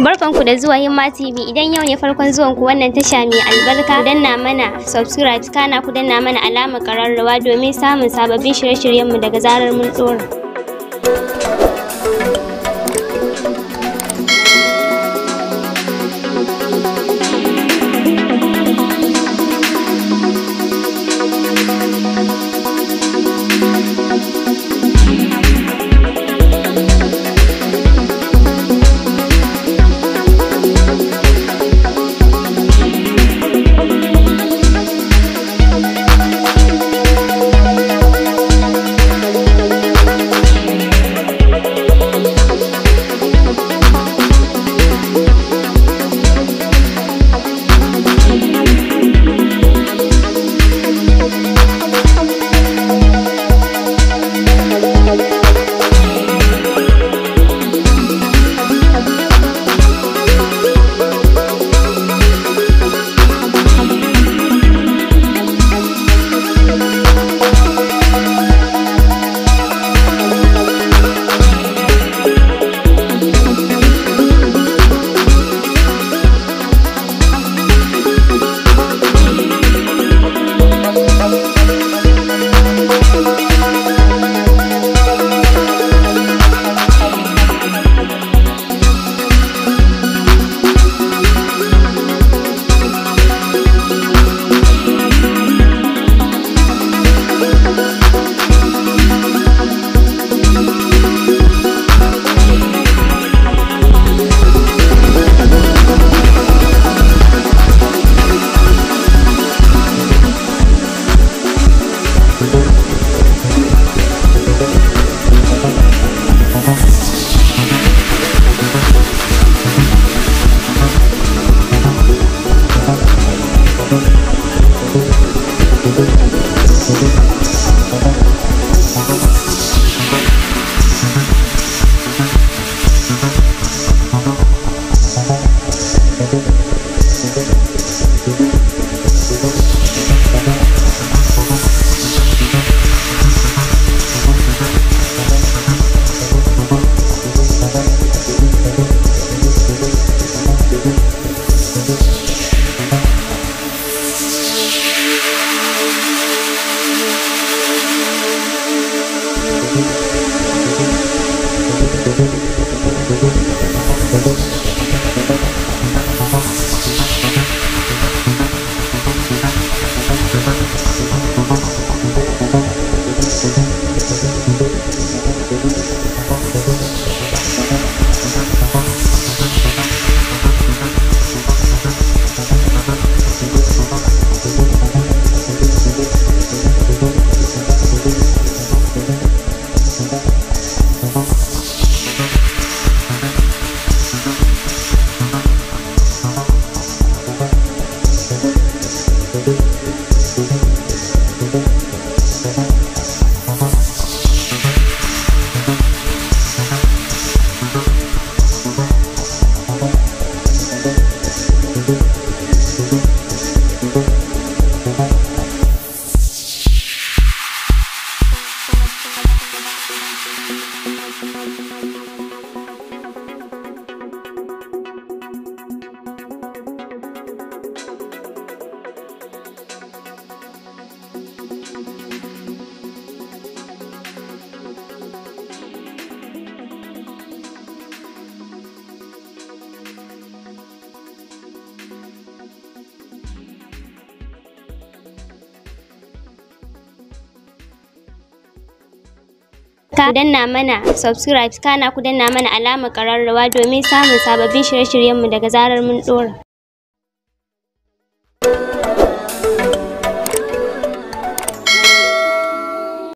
Barkanku da zuwa Himma TV. Idan yau ne farkon zuwan ku wannan tasha mai albarka, ku na mana subscribe kana ku na mana alamar kararrawa domin samun sababbin shirye-shiryenmu daga zarar mun tsora. Thank you. Thank you. Thank you. Ka danna mana subscribe kana ku danna mana alamar ƙararrawa domin samun sababbin shirye-shiryenmu daga zarar mun ɗora.